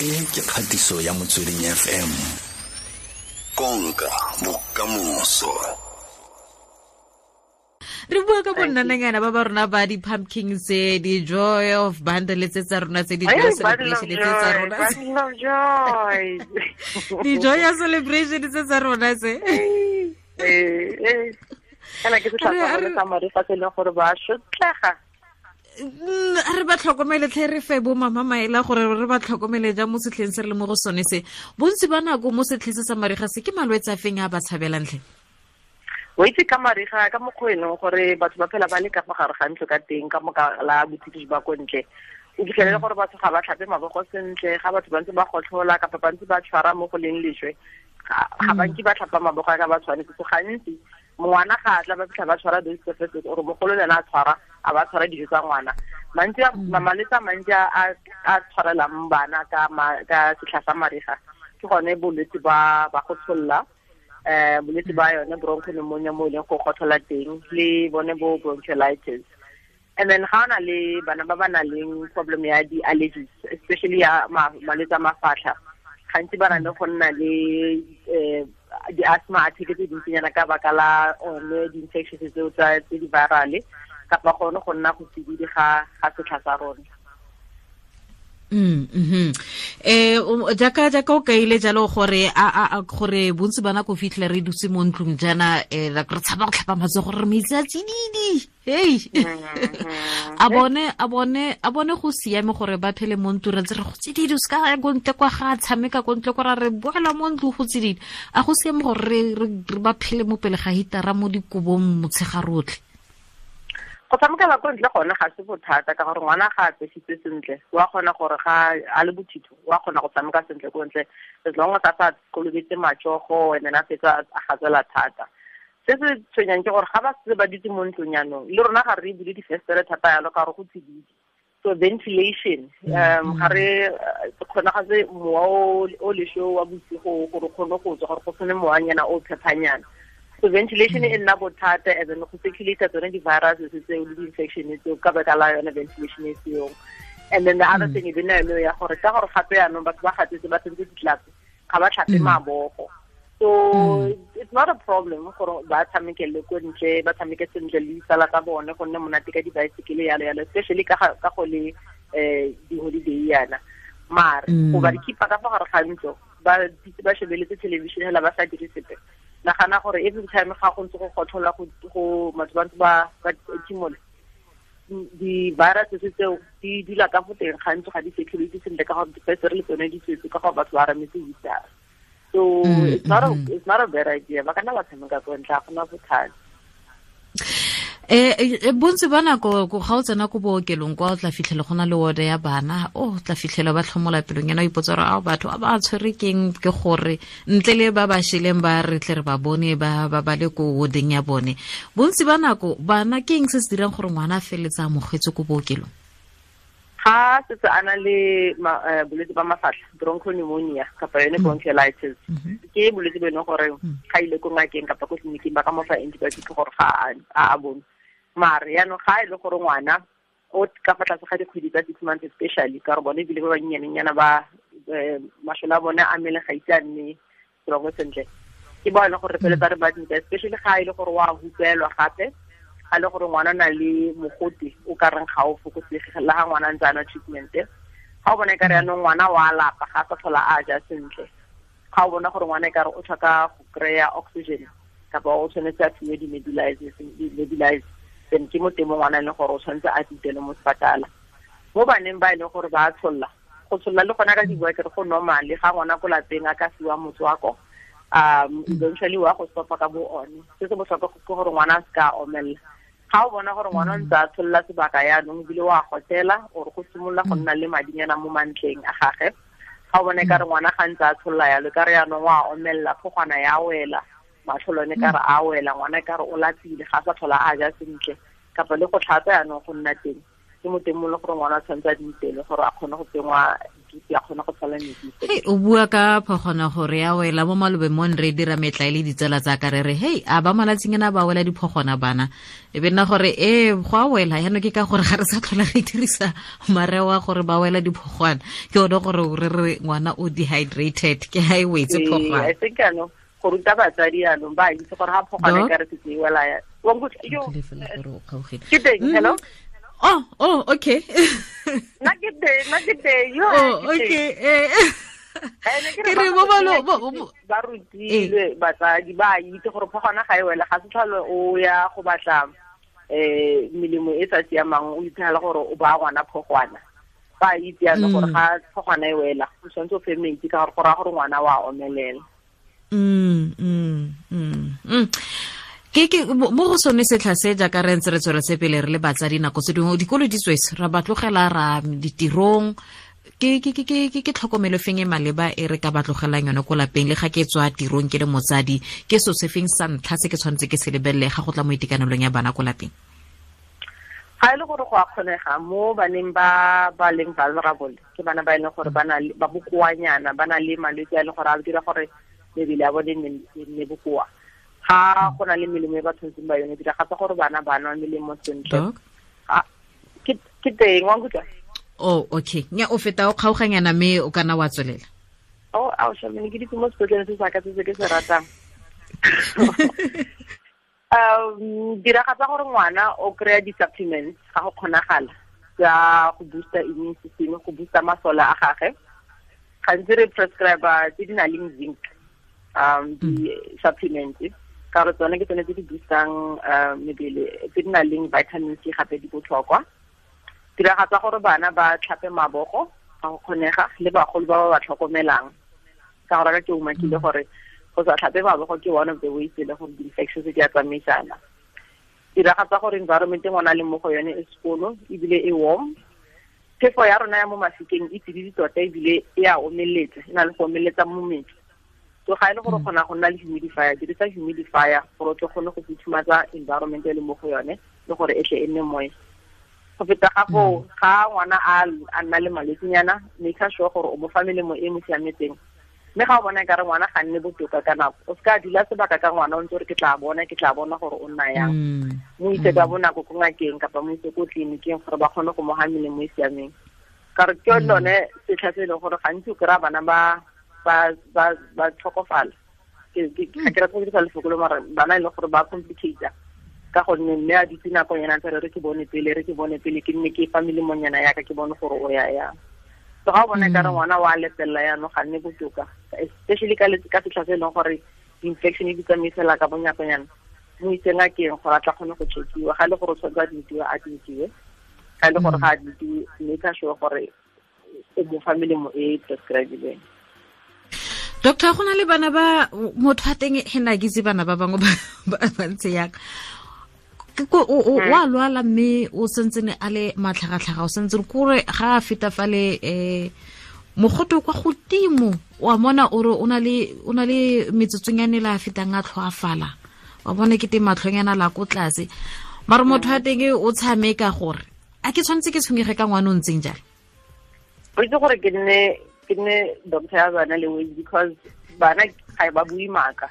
e ke kgatiso ya motsweding fm konka bokamoso re bua ka bonnanengana ba ba rona ba di-pumpkin tse di-joy of bundle tse tsa rona tse di celebration tsa rona di-joy ya celebration tse tsa rona tse ke se gore ba shotlega Mm, re ba tlhokomele tlhe re fe bo mama maela gore re ba tlhokomele ja mo setlheng se re le mo go sone se bontsi ba nako mo setlhe se sa mariga se ke malwetse a feng a ba tshabelang tlhe o itse ka mariga ka mokgweno e gore batho ba phela ba le ka mogare ga ntlo ka teng ka moka la bothitisi ba ko ntle o fitlhelele gore batho ga ba tlhape mabogo sentle ga batho ba ntse ba gotlhola kapa ba ntse ba tshwara mo go leng leswe ga banke ba tlhapa mabogo a ka ba tshwanetse so gantsi ngwana ga tla ba fitlha ba tshwara those surfaces or mogolo le ena a tshwara a ba tshwara dijo tsa ngwana mantsi mm. mamalwetse a mantsi a tshwarelang bana ka setlha sa mariga ke gone bolwetse ba go tsholola um eh, bolwetse ba yone bronchopneumonia mo e leng go gotlhola teng le bone bo bronchiolitis and then ga o na le bana ba ba nang le problem ya di-allergies especially ya malwetse a mafatlha gantsi ba na le go nna le um di asthma attack tse dintsinyana ka baka la one eh, di-infectious tseo tsa tse di virale kapa gone go nna go sedidi ga setlha sa rona mm um jaaka jaaka o kaile jalo gore a a gore bontsi bana go fitlhela re dutse mo ntlong jaana um re tshaba go tlhapa matso gore re metsi a tsididi hei a bone a bone a bone go siame gore ba phele mo ntlo re ntse re go tsididi se ka ya ko ntle kwa ga tshameka ko ntle kora re boela mo ntlo go tsididi a go siame gore re ba phele mo pele ga hitara mo dikobong motshega rotlhe go tshamekela ko ntle gone ga se bothata ka gore ngwana ga a pesitse sentle wa kgona gore ga a le bothitho wa kgona go tshameka sentle ko ntle as long as a sa kolobetse matsogo and then a fetsa a gatsela thata se se tshwenyang ke gore ga ba se ba dutse mo ntlong yanong le rona ga re ebule difestere thata yalo ka gore go tsididi so ventilation um ga re uh, kgonagatse mowa o lesio wa bosigo gore kgone go tswa gore go sone moanyana o phepanyana so ventilation e nna bothata and then go circulate tsone di-viruses tseo le di-infection tseo ka baka la yone ventilation e seong and then the other mm. thing e bena yone ya gore ka gore gape yaanong batho ba gatsetse ba tshwanetse ditlape ga ba tlhape mm. mabogo so mm. it's not a problem gore ba tshamekele ko ntle ba tshameke sentle le ditsala tsa bone go monate ka di-bicycle yalo yalo especially ka go le um di-holiday yana mare go ba di khipa ka fa gare ga ntlo ba shebeletse television hela ba sa dire sepe nagana gore every time ga go ntse go gotlhola go batho ba ntse ba tshimole di-viruses tseo di dula ka fo teng gantsi ga di security sentle ka gore di re le tsone di tswetse ka gore batho ba rametse hitara so it's not a, mm-hmm. it's not a bad idea ba kana ba tshameka ko ntle ga gona bothata e bontsi ba nako ga o tsena ko bookelong kwa o tla fitlhela go na le wode ya bana o tla fitlhela ba tlhomola pelong ena o ipotsa gore ao batho ba ba tshwere keng ke gore ntle le ba ba shileng ba re tle re ba bone ba ba le ko wodeng ya bone bontsi ba nako bana ke eng se se dirang gore ngwana a feleletsa a mogwetse ko bookelong ga setse a na le eh, bolwetse ba mafatlha bronchopneumonia kapa yone mm. bronchiolitis mm-hmm. ke bolwetse bo e leng gore mm. ga ile ko ngakeng kapa ko tleliniking ba ka mofa antibiotic gore ga a bone mare yaanong ga e le gore ngwana o ka fa tlase ga dikgwedi tsa six months especially ka re bone ebile ba bannyanenyana ba eh, masole a bone a mele ga itse a nne strong sentle ke bona e gore re feletsa re ba dinka especially ga e le gore wa hupelwa gape ga e le gore ngwana na le mogote o ka reng ga o fokotsege la ga ngwana ntse ana treatment ga o bona e ka re yaanong ngwana wa lapa ga sa tlhola a ja sentle ga o bona gore ngwana e ka re o tlhoka go kry-a oxygen kapa o tshwanetse a fiwe di medulize then ke mo temong ngwana e le gore o tshwanetse a ditele mo sepatala mo baneng ba ile e gore ba tsholla go tsholla le gona ka diboa kere go le ga ngwana ko lapeng a ka fiwa motswako um eventually wa go stopa ka bo one se se botlhokwa ke gore ngwana a se ka omelela ga o bona gore ngwana o ntse a tsholla sebaka yaanong ebile wa gotela ore go simolola go nna le madinyana mo mantleng a gage ga o bona e ka re ngwana ga ntse a tsholla yalo ka re yaanong wa omelela phogwana ya wela matlholone mm. ka re a wela ngwana e ka re o latsile ga sa tlhola a ja sentle kapa le go tlhatsa yanong go nna teng ke mo teng mo e gore ngwana tshwanetse a diitele e gore a kgone go tsengwa dipitse a kgone go tshwala medise o bua ka phogona gore a wela mo malobemong re dira metla e le ditsela tsa ka re re hei a ba malatsing ena ba wela diphogona bana e be nna gore e go a wela yaanong ke ka gore ga re sa tlhola re dirisa mareo a gore ba wela diphogwana ke one gore o re re ngwana o dehydrated ke ga e wetse ee, phogwana go ruta batsadi yanong ba e itse gore ga phogane ka re se tsewela ya ke teng mm-hmm. hello oh oh okay na ke teng na ke teng yo oh okay eh, eh ke re bo balo ba rutilwe eh. batsadi ba itse gore phogana ga e wela ga se tlhalo o ya go batla eh melemo e sa siamang o itlhela gore o ba ngwana phogwana ba itse yana mm. gore ga phogana e wela o tshwanetse o fe metsi ka gore go raya gore ngwana wa omelela ke ke mo go sone setlha se jaaka re ntse re tsweletse pele re le batsadi nako tse dingwe dikolo di tswetse ra batlogela ra ditirong ke tlhokomelo feng e maleba e re ka batlogelang yone ko lapeng le ga ke tswa tirong ke le motsadi ke so se feng sa ntlha se ke tshwanetse ke se lebelele ga go tla mo itekanelong ya bana ko lapeng ga e le gore go a kgonega mo baneng ba ba leng vulnerable ke bana ba e leng gore ba bokoanyana ba na le malwetse a e leng gore a dira gore mebele ya bone e nne bokoa ga go na le melemo e ba tshwantseng ba yone diragatsa gore bana ba nwa melemo sentle ke teng wa nkutlwa oh okay nya o feta o kgaoganyana me o kana wa tswelela o oh, ao shamene ke ditse mo sekotleng se sa ka se ke se ratang um diragatsa gore ngwana o kry-a di-supplements ga go kgonagala tsa go booster immune system go booster masole a gage gantsi re prescribe tse di na leng zinc um mm. di-supplement ka gore tsone ke tsone tse di boostang um mebele tse di nang leng vitamin c gape di botlhokwa tiragatsa gore bana ba tlhape mabogo ga go kgonega le bagolo ba ba ba tlhokomelang ka gore ka ke umakile mm. gore go sa tlhape mabogo ke one of the ways e le gore di infection tse di a tsamaisana diragatsa gore environment e na le mo go yone e sekolo ebile e warm phefo ya rona ya mo mafikeng e tsididi tota ebile e a omeletsa e na le go omeletsa mo metsi so ga e le gore kgona mm. go nna le humidifier dirisa humidifier gore o tle kgone go futhumatsa environment e le mo go yone le gore e tle e nne moe go feta ga go mm. ga ngwana a nna le malwetsinyana make sure gore o mo fa melemo e, e mo siametseng mme ga o bona kare ngwana ga nne botoka ka nako o seka dula sebaka ka ngwana o ntse gore ke tla bona ke tla bona gore o nna yang mm. mo itse ka bonako ko ngakeng kapa mo itse ko tleliniking gore ba kgone go mo moga melemo e, e siameng kare ke lone setlha se e leng gore gantsi o kry-a bana ba ba ba ba tlhokofala ke ke rata go dirisa lefoko le mara bana e le gore ba complicate ka gonne mme a dutse nako yana tsere re ke bone pele re ke bone pele ke nne ke family monyana yaka ke bone gore o ya ya so ga o bone kare hmm. ngwana wa lepelela yano ga nne botoka especially ka ka setlha se e leng gore infection e di tsamaisela ka bonyakonyana mo itseng a keng gore a tla kgone go chekiwa ga e le gore o tshwanetse a dintiwe a dintiwe ga e le gore hmm. ga a dintiwe mme ka sure gore o mo family mo e, e prescribileng doctor go na le bana ba motho a teng he na ke itse bana ba bangwe ba ntse yaka wa hmm. lwala mme o sentse ne a le matlhagatlhaga o sentse kore ga a feta fa le um mogote kwa godimo wa bona ore o na le metsotsong ya ne le a fetang a tlhoafala wa bona ke teng matlhong yana la ko tlase mare motho a hmm. teng o tshameka gore a ke tshwanetse ke tshwenyege ka ngwane o ntseng jalo o itse gore ke nne ke nne doctor ya bana le weng because bana ga e ba bui maaka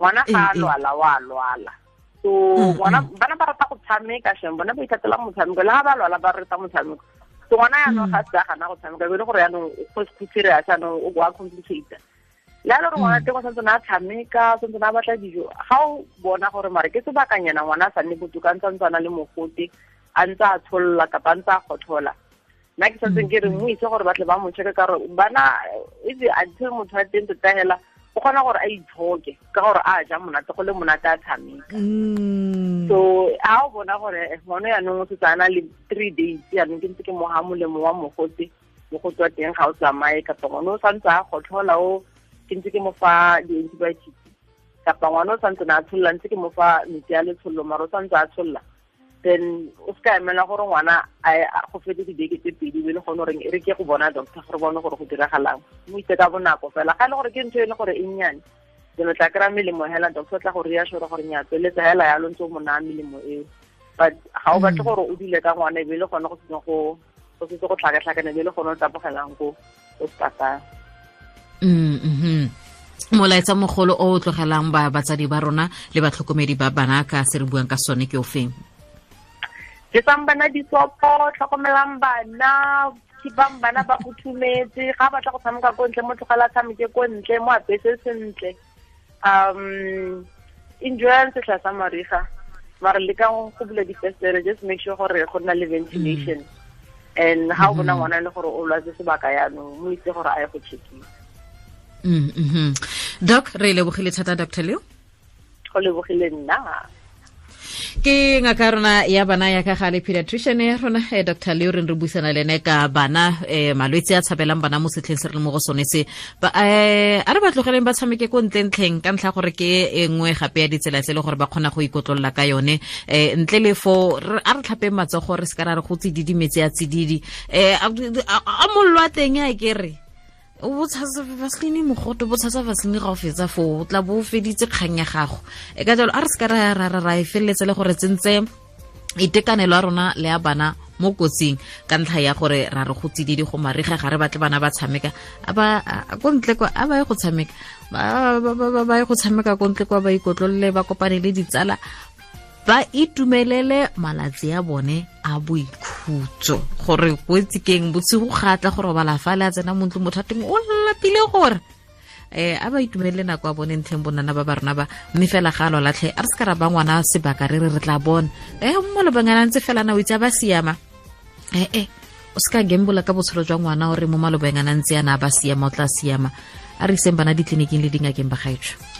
ngwana ga a eh, eh. lwala wa lwala so mm, mm. bana ba rata go tshameka sheng bona ba ithatela motshameko le ga ba lwala ba rata motshameko so ngwana yaanong ga mm. se gana go tshameka e bele e gore yaanong go serious yaanong o a complicate le a le gore ngwana teng o santse na a tshameka santse na a batla dijo ga o bona gore mare ke sebakanyana ngwana a sa nne botoka ntse a ntse a na le mogote a ntse a tsholola kapa a ntse a kgothola nna ke satseng ke re mm-hmm. mo itse gore batle ba mo ka gore bana itse until motho a teng tota hela o kgona gore a itlhoke ka gore a ja monate go le monate a tshameka mm. so a o bona gore ngwana yanong o setse a na le three days yanong, ke ntse ke moga molemo wa mogotse mogotse wa teng ga o tsamaye kapa ngwana o santse a gotlhola o ke ntse ke mo fa di-antibiotics kapa ngwana o santse ne a tsholola ntse ke mo fa metsi a letsholo maro o santse a tsholola then o se emela gore ngwana a go fete dibeke tse pedi be le gone goreng e re ke go bona doctor gore bone gore go diragalang mo itse ka bonako fela ga e le gore ke ntho e le gore e nnyane then o tla kry-a melemo hela doctor o tla go reassure gore nya tsweletsa hela yalo ntse o mo naya melemo eo but ga o batle mm. gore o dile ka ngwana e, e le gone go setse go go setse go tlhakatlhakana e be e le gone o tapogelang ko o sepatala mm, mm-hmm. molaetsa mogolo o o tlogelang batsadi ba rona le batlhokomedi ba bana ka se re buang ka sone ke o feng jesang bana disopo tlhokomelang bana thibang bana ba futhumetse ga ba tla go tshameka ko ntle mo tlogela tshameke ko ntle mo apese sentle um enjoyang setlha sa mariga mare lekang go bula difestere just make sure gore go nna le ventilation mm. and ha o bona mm-hmm. ngwana e le gore o lwatse sebaka yaanong mo itse gore a ye go chekiwa mm-hmm. doc re lebogile thata dr leo go lebogile nna ke ngaka rona ya bana ya ka gale pediatrician ya rona eh, dr leo reng re buisana le ene ka bana um malwetse a tshabelang bana mo setlheng se re le mo go sone se eh, a re ba tlogeleng ba tshameke ko ntlentlheng ka ntlha gore ke e nngwe gape ya ditsela tse e le gore ba kgona go ikotlolola ka yone eh, ntle le fo a re tlhapeng matsogo re se ka ra re go tsididimetse ya tsididi eh, a mollo a teng a kere o botshasa vaseline mogote o botshasa vaseline ga o fetsa foo o tla bo o feditse kgang ya gago e ka jalo a re se ka ra e feleletse le gore tsentse itekanelo ya rona le a bana mo kotsing ka ntlha ya gore ra re go tsididi go mariga ga re batle bana ba tshameka ko ntle kwa a ba ye go tshameka ba ye go tshameka ko ntle kwa ba ikotlolole ba kopane le ditsala ba itumelele malatsi a bone a boikhutso gore kwetsikeng botshego gatla go robala ba le a tsena mo mothateng o lapile gore eh a ba itumelele nako a bone ntlheng bonana ba ba rona ba mme fela ga a lolatlhe a re se ka ra ba ngwana sebaka re re re tla bona eh mo bangana ntse fela na o itse a ba siama eh eh o se ka gembola ka botshelo jwa ngwana gore mo malobanyana ntse yana a ba siama o tla siama a re iseng bana ditleliniking le dingakeng ba gaetsho